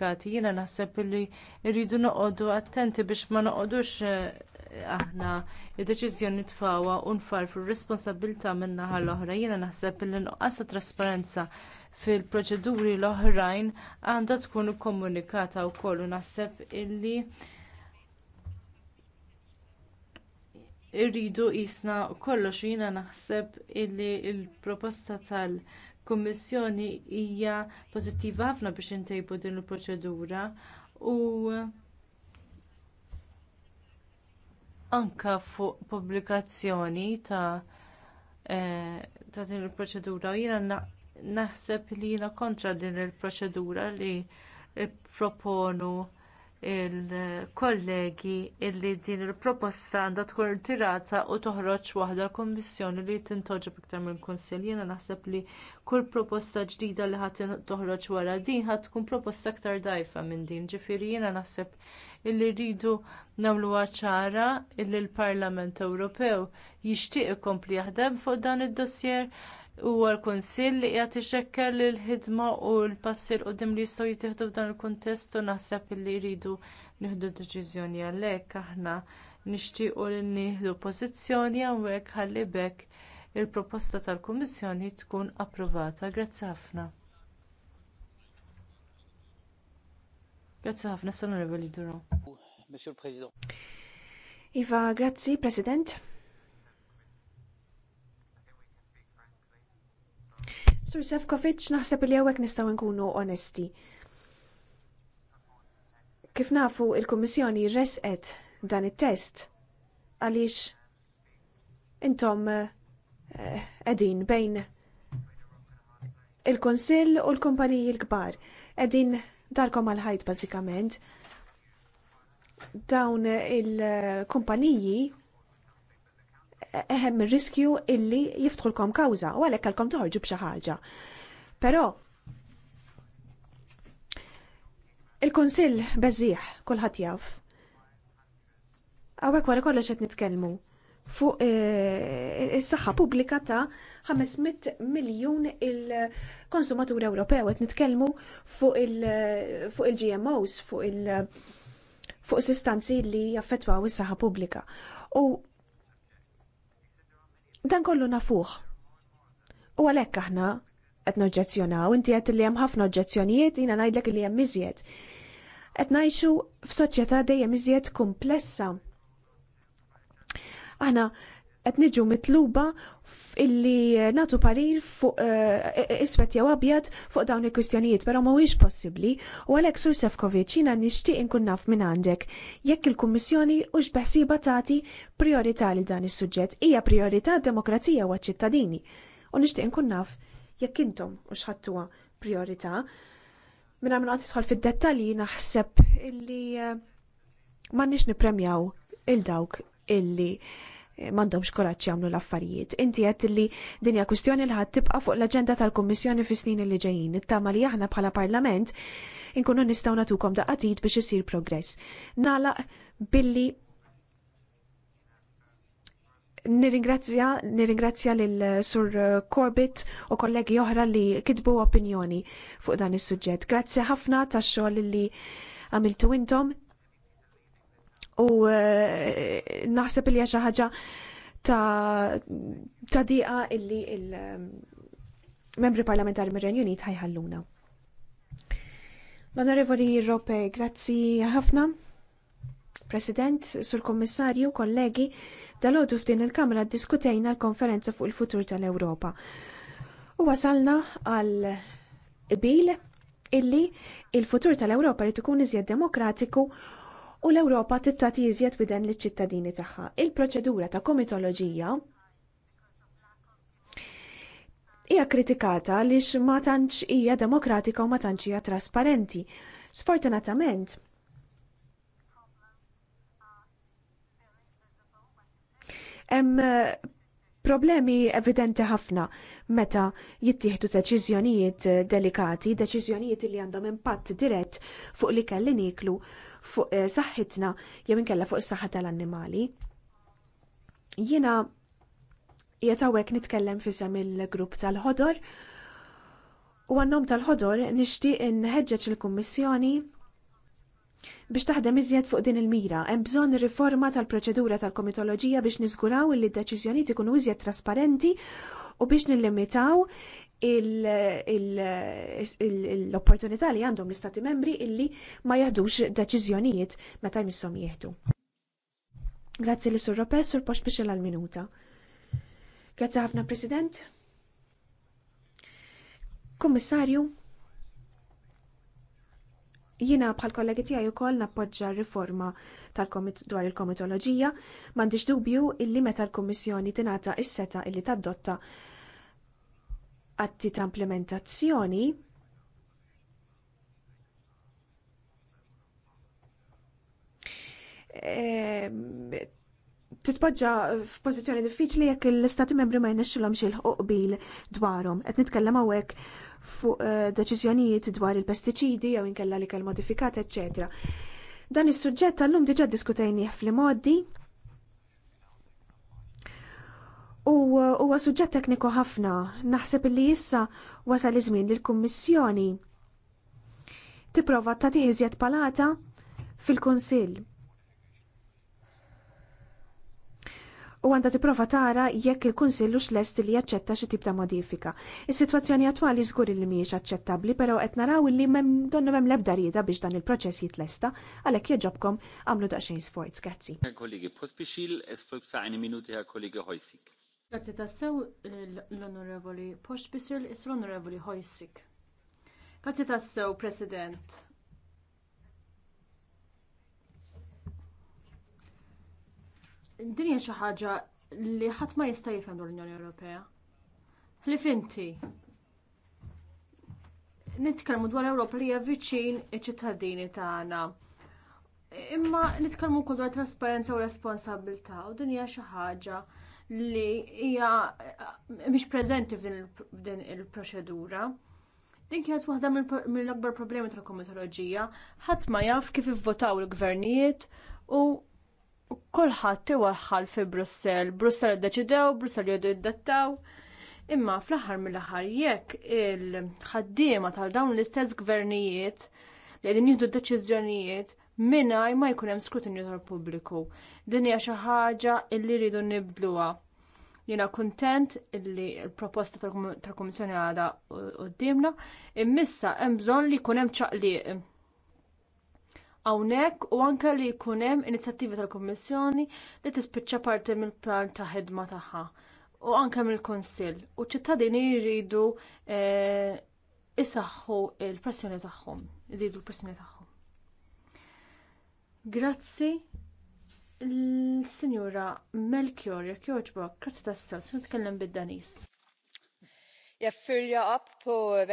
kwalifikati, Jiena naħseb li rridu noqogħdu attenti biex ma noqogħdux eh, aħna id-deċiżjoni tfawwa u nfarfu r-responsabilità min-naħa l-oħra. Jiena naħseb li nuqqas ta' trasparenza fil-proċeduri l-oħrajn għandha tkun ikkomunikata wkoll u naħseb illi irridu qisna kollox jiena naħseb illi l-proposta tal- kummissjoni hija pożittiva ħafna biex intejbu din il-proċedura u anke fuq pubblikazzjoni ta' eh, ta' din il-proċedura jiena naħseb li jiena kontra din il-proċedura li proponu il-kollegi illi din il-proposta għandha tkun tirata u toħroġ waħda l-Kommissjoni li tintoġib iktar mill-Kunsill. Jiena naħseb li kull proposta ġdida li ħadd toħroġ wara din ħadd tkun proposta iktar dajfa minn din. Ġifieri jiena naħseb illi rridu nagħmluha ċara illi l-Parlament Ewropew jixtieq ikompli jaħdem fuq dan id-dossier huwa l-Kunsill li qiegħed ixekker lill ħidma u l-passi l qudiem li jistgħu jittieħdu f'dan il-kuntest u naħseb li jridu nieħdu deċiżjoni għalhekk aħna nixtiequ li nieħdu pożizzjoni hawnhekk ħalli bekk il-proposta tal-Kummissjoni tkun approvata. Grazzi ħafna. Grazzi ħafna, Sal Onorevoli Duro. Monsieur President. Iva, grazzi, President. Sur Sefkovic, naħseb li għawek nistaw nkunu onesti. Kif nafu il komissjoni resqet dan it-test għaliex intom eh, edin bejn il-Konsil u l-kumpaniji l-kbar. Edin darkom għal-ħajt bazzikament. Dawn il-kumpaniji eħem riskju illi jiftħulkom kawza u għalhekk għalkom toħorġu b'xi ħaġa. Però il-Kunsill beżieħ kulħadd jaf. Hawnhekk wara kollox qed nitkellmu fuq eh, is-saħħa pubblika ta' 500 miljun il-konsumatur Ewropew qed nitkellmu fuq il-GMOs, fuq il- fuq sistanzi li jaffettwaw is-saħħa pubblika. U Dan kollu nafuħ. U għalhekk aħna qed noġġezzjonaw, inti qed li hemm ħafna oġġezzjonijiet jiena ngħidlek li hemm iżjed. Qed ngħixu f'soċjetà dejjem iżjed komplessa. Aħna qed niġu mitluba illi natu parir fuq eh, iswed jew abjad fuq dawn il-kwistjonijiet, però mhuwiex possibbli u għalhekk Sur Sefkovic jiena nixtieq inkun naf minn għandek jekk il-Kummissjoni u x'beħsiba tagħti priorità li dan is-suġġett hija priorità d-demokrazija u ċittadini u nixtieq inkun naf jekk intom u xħattuha priorità. Minna minn għat tħol fil-dettali naħseb illi eh, ma nix nipremjaw il-dawk illi m'għandhomx koraġġ jagħmlu l-affarijiet. Inti għed li dinja kustjoni kwistjoni li ħadd tibqa' fuq l-aġenda tal-Kummissjoni fis-snin li ġejjin. Tama li aħna bħala Parlament inkunu nistgħu nagħtukom daqatit biex isir progress. Nala billi Nirringrazzja, nirringrazzja lil Sur Corbett u kollegi oħra li kitbu opinjoni fuq dan is-suġġett. Grazzi ħafna tax-xogħol li għamiltu intom u eh, naħseb li xi ħaġa ta' diqa illi il-membri ehm, parlamentari mir Unit ħajħalluna. L-Onorevoli Rope, grazzi ħafna. President, Sur Kommissarju, kollegi, dal-għodu f'din il-Kamra diskutejna l-konferenza fuq il-futur tal-Ewropa. U wasalna għal bil illi il-futur tal-Ewropa li tkun iżjed demokratiku u l-Ewropa tittat iżjed widen liċ ċittadini tagħha. Il-proċedura ta' komitoloġija hija kritikata li ma tantx hija demokratika u ma tantx hija trasparenti. Sfortunatament, hemm problemi evidenti ħafna meta jittieħdu deċiżjonijiet delikati, deċiżjonijiet li għandhom impatt dirett fuq li kelli niklu fuq eh, saħħitna jew inkella fuq is-saħħa tal-annimali. Jiena hawnhekk nitkellem fisem il-grupp tal-ħodor u għannom tal-ħodor nixtieq inħeġġeġ il-Kummissjoni Biex taħdem iżjed fuq din il-mira, hemm bżonn riforma tal-proċedura tal-komitoloġija biex niżguraw li d-deċiżjonijiet ikunu iżjed trasparenti u biex nillimitaw l-opportunità li għandhom l-istati membri illi ma jaħdux deċiżjonijiet meta jmissom jieħdu. Grazzi li sur Rope, sur Posh biex minuta. Grazzi ħafna President. Kommissarju, Jina bħal kollegi tiegħi wkoll nappoġġa riforma dwar il-komitoloġija, m'għandix dubju illi meta l-Kummissjoni tingħata s seta illi tadotta atti ta' implementazzjoni ehm, titpoġġa f'pożizzjoni diffiċli jekk l istati membri ma jnexxilhom xi qbil dwarhom. Qed nitkellem hawnhekk fuq eh, deċiżjonijiet dwar il-pestiċidi jew inkella li kell modifikat, etc. Dan is-suġġett tal-lum diġà diskutejnieh fl-modi u eh, huwa suġġett tekniku ħafna. Naħseb li issa wasal iż-żmien li l-Kummissjoni tipprova tagħti iżjed palata fil-Kunsill u għandha tipprova tara jekk il-Kunsillu x'lest li jaċċetta xi tip ta' modifika. Is-sitwazzjoni attwali żgur li mhijiex aċċettabbli, però qed naraw li mem donna mem lebda rieda biex dan il-proċess jitlesta, għalhekk jeġobkom għamlu daqsxejn sforz. Grazzi. Kollegi, pospixil es ta' minuti għal kollegi Hojsik. Grazzi tassew l-Onorevoli Pospixil is l-Onorevoli Hojsik. Grazzi sew President. Din hija xi ħaġa li ħadd ma jista' jifhem dwar l-Unjoni Ewropea. Ħlif inti. Nitkellmu dwar Ewropa li hija viċin iċ-ċittadini tagħna. Imma nitkellmu wkoll dwar trasparenza u responsabilità u din hija xi ħaġa li hija eh, mhix preżenti f'din il-proċedura. Din kienet waħda mill-akbar problemi tal komitoloġija ħadd ma jaf kif ivvotaw il-gvernijiet u kolħat iwaħħal fi Brussel. Brussel deċidew, Brussel jodu jiddattaw. Imma fl-aħħar mill-aħħar jekk il-ħaddiema tal dawn l-istess gvernijiet li jihdu jieħdu deċiżjonijiet mingħajr ma jkun hemm skrutinju tal-pubbliku. Din hija xi ħaġa li rridu nibdluha. Jiena kuntent illi l-proposta tal-Kummissjoni għadha dimna immissa hemm bżonn li jkun hemm ċaqliq hawnhekk u anke li jkun hemm inizjattivi tal-Kummissjoni li tispiċċa parti mill-plan ta' ħidma tagħha u anke mill-Kunsill u ċittadini jridu eh, isaħħu l pressjoni tagħhom, iżidu l-pressjoni tagħhom. Grazzi l-Sinjura Melchior, jekk jogħġbok, grazzi tassew, se nitkellem bid-Danis. Jaffirja up po eh,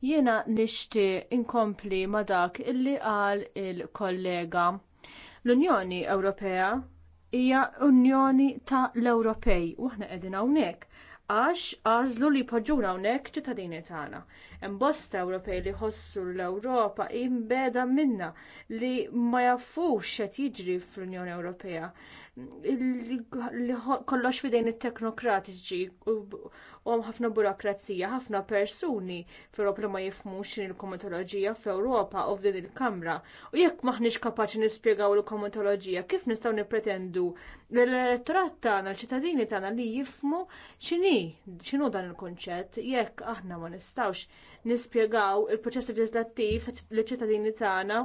Jiena nixtieq inkompli ma dak illi qal il-kollega. L-Unjoni Ewropea hija Unjoni ta' l-Ewropej u ħna qegħdin hawnhekk għax għażlu li poġġuna hawnhekk ċittadini tagħna. Imbosta Ewropej li ħossu l-Ewropa imbeda minna li ma jafux qed jiġri fl-Unjoni Ewropea kollox fidejn it-teknokratiċi u għam ħafna burokrazija, ħafna persuni fl li ma jifhmux x'in il komatologija fl-Ewropa u f'din il-Kamra. U jekk maħniex kapaċi nispjegaw il komatologija kif nistgħu nippretendu l-elettorat tagħna, l-ċittadini tagħna li jifhmu x'inhi x'inhu dan il-kunċett jekk aħna ma nistgħux nispjegaw il-proċess leġislattiv l-ċittadini tagħna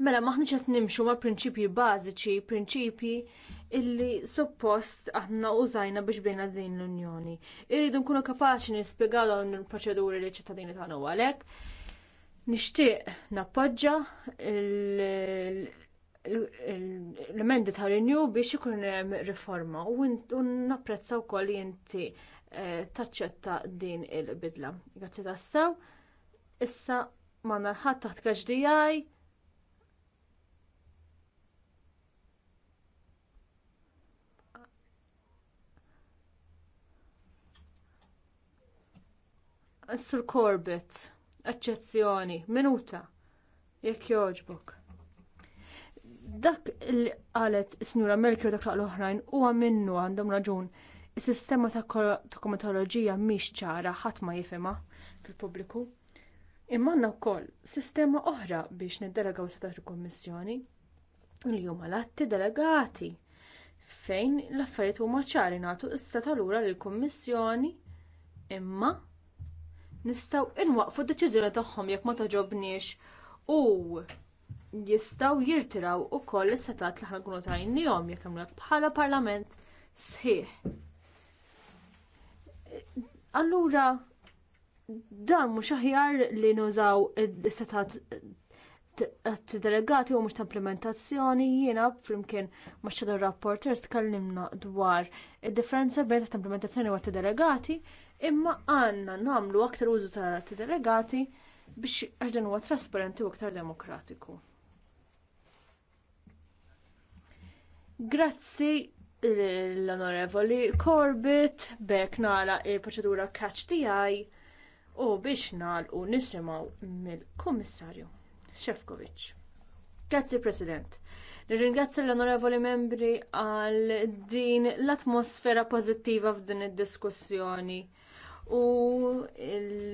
Mela maħniċ qed nimxu ma' prinċipji bażiċi, prinċipji illi suppost aħna użajna biex bejna din l-Unjoni. Irridu nkunu kapaċi nispjegaw dawn il-proċeduri li ċittadini tagħna u għalhekk. Nixtieq nappoġġa l-emendi ta' renew biex ikun hemm riforma u napprezza wkoll li inti eh, taċċetta din il-bidla. Grazzi tassew. Issa ma narħat taħt kaġdijaj Sur Corbett, eċċezzjoni, minuta, jekk jogħġbok. Dak li qalet is-Sinjura Merkel dak l-oħrajn huwa minnu għandhom raġun. Is-sistema ta' komatoloġija mhix ċara ħadd ma jifhimha fil-pubbliku. Imma għandna wkoll sistema oħra biex niddelegaw setat il-Kummissjoni li huma l delegati fejn l-affarijiet huma ċari nagħtu issa talura lill-Kummissjoni imma nistgħu inwaqfu d-deċiżjoni tagħhom jekk ma toġobniex u jistgħu jirtiraw ukoll is-setat li aħna nkunu tajnihom jekk hemm bħala parlament sħiħ. Allura dan mhux aħjar li nużaw is-setat delegati u mhux ta' implementazzjoni jiena flimkien ma' xedda rapporters tkallimna dwar id-differenza bejn ta' implementazzjoni u ta' delegati imma għandna nagħmlu aktar użu ta' delegati biex għaxdan huwa trasparenti u aktar demokratiku. Grazzi l-onorevoli Corbett, bek nala il-proċedura catch eye u biex u nisimaw mill-Kummissarju Shefkovic. Grazzi President. Nirringrazzja l-onorevoli membri għal din l-atmosfera pożittiva f'din id-diskussjoni u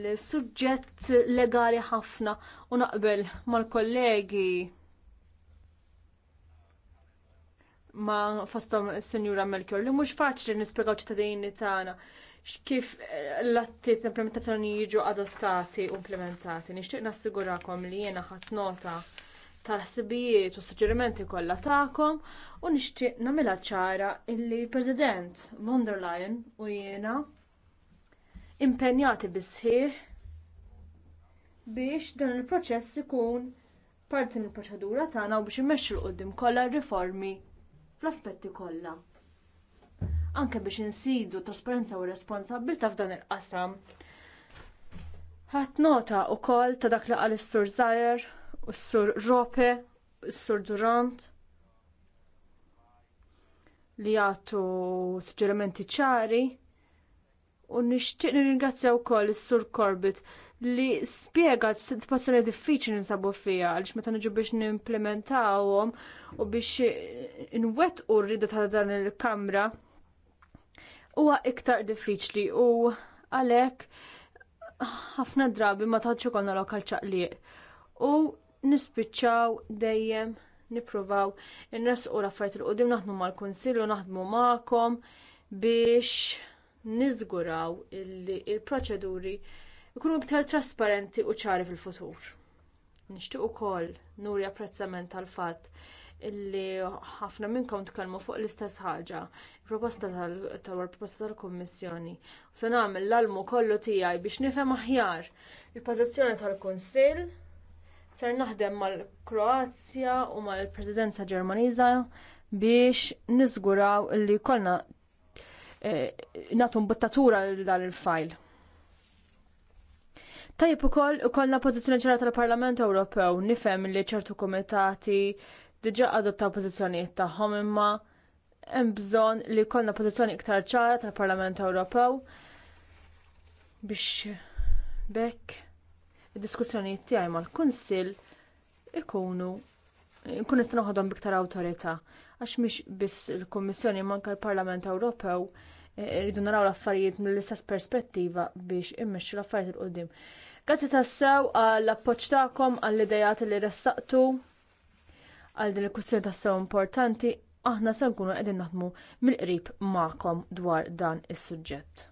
l-suġġett legali ħafna u naqbel mal-kollegi ma fostom senjura Melchior li mhux faċli nispjegaw ċittadini tagħna kif l-attiet implementazzjoni jiġu adottati u implementati. Nixtieq nassigurakom li jiena ħadd nota tal-ħsibijiet u suġġerimenti kollha tagħkom u nixtieq nagħmilha ċara illi President von der Leyen u jiena impenjati bisħieħ biex dan il-proċess ikun parti mill proċedura tagħna u biex immexxu l-qudiem kollha riformi fl-aspetti kollha. Anke biex insidu trasparenza u responsabilità f'dan il-qasam. Ħadd nota wkoll ta' dak li qal is-Sur Zajer, u s-Sur Rope, is-Sur Durant li jagħtu suġġerimenti ċari u nixtieq nirringrazzja wkoll is-Sur Corbett li spjega situazzjoni diffiċli nsabu fiha għaliex meta niġu biex nimplementawhom u biex u rrida ta' dan il-kamra huwa iktar diffiċli u għalhekk ħafna drabi ma taħġu konna lokal ċaqliq u nispiċċaw dejjem nippruvaw in-nes u raffajt il-qudim naħdmu mal u naħdmu magħkom biex niżguraw li l proċeduri ikunu iktar trasparenti u ċari fil-futur. Nixtieq ukoll nuri apprezzament tal-fatt illi ħafna minnkom tkellmu fuq l-istess ħaġa, proposta tal-proposta tal-Kummissjoni. U se nagħmel l-almu kollu tiegħi biex nifhem aħjar il-pożizzjoni tal-Kunsill ser naħdem mal-Kroazja u mal-Presidenza Ġermaniża biex niżguraw illi kollna Eh, natum buttatura dan il-fajl. Tajib ukoll ukollna pożizzjoni ċara tal-Parlament Ewropew nifhem li ċertu komitati diġà adottaw pożizzjonijiet tagħhom imma hemm bżonn li jkollna pożizzjoni iktar ċara tal-Parlament Ewropew biex bekk id-diskussjonijiet tiegħi mal-Kunsill ikunu nkun istanuħadom noħodhom biktar awtorità għax mhix biss il-Kummissjoni manka l-Parlament Ewropew eh, rridu naraw l-affarijiet mill-istess perspettiva biex immexxu l-affarijiet il qudiem Grazzi tassew għall appoġġ tagħkom għall-idejat li ressaqtu għal din il-kwistjoni tassew importanti aħna se nkunu qegħdin naħdmu mill-qrib magħkom dwar dan is-suġġett.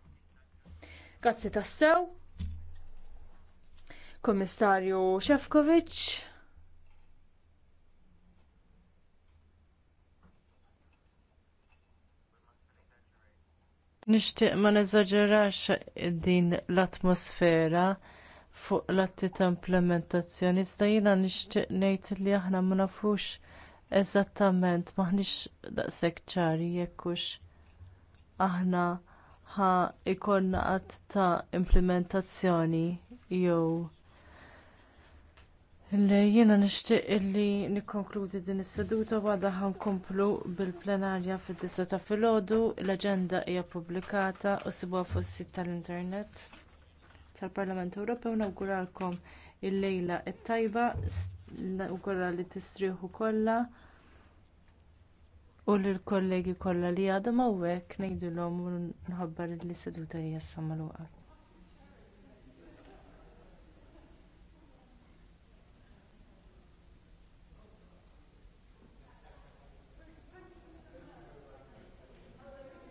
Grazzi tassew. Komissarju Shefkovic. Nixtieq ma neżaġerax din l-atmosfera fuq l-atti ta' implementazzjoni, iżda jiena nixtieq ngħid li aħna ma nafux eżattament maħniex daqshekk ċari jekk hux aħna ħa ikollna qatt ta' implementazzjoni jew Jena jiena nixtieq illi nikkonkludi din is-seduta għadha ħankomplu bil-plenarja fid-disa ta' filgħodu, l-aġenda hija pubblikata u sibuha fuq is-sit tal-Internet tal-Parlament Ewropew nawguralkom il-lejla it-tajba, nawgura li tistrieħu kollha u lill kollegi kollha li għadhom hawnhekk ngħidulhom u nħabbar li s seduta hija issa magħluqa.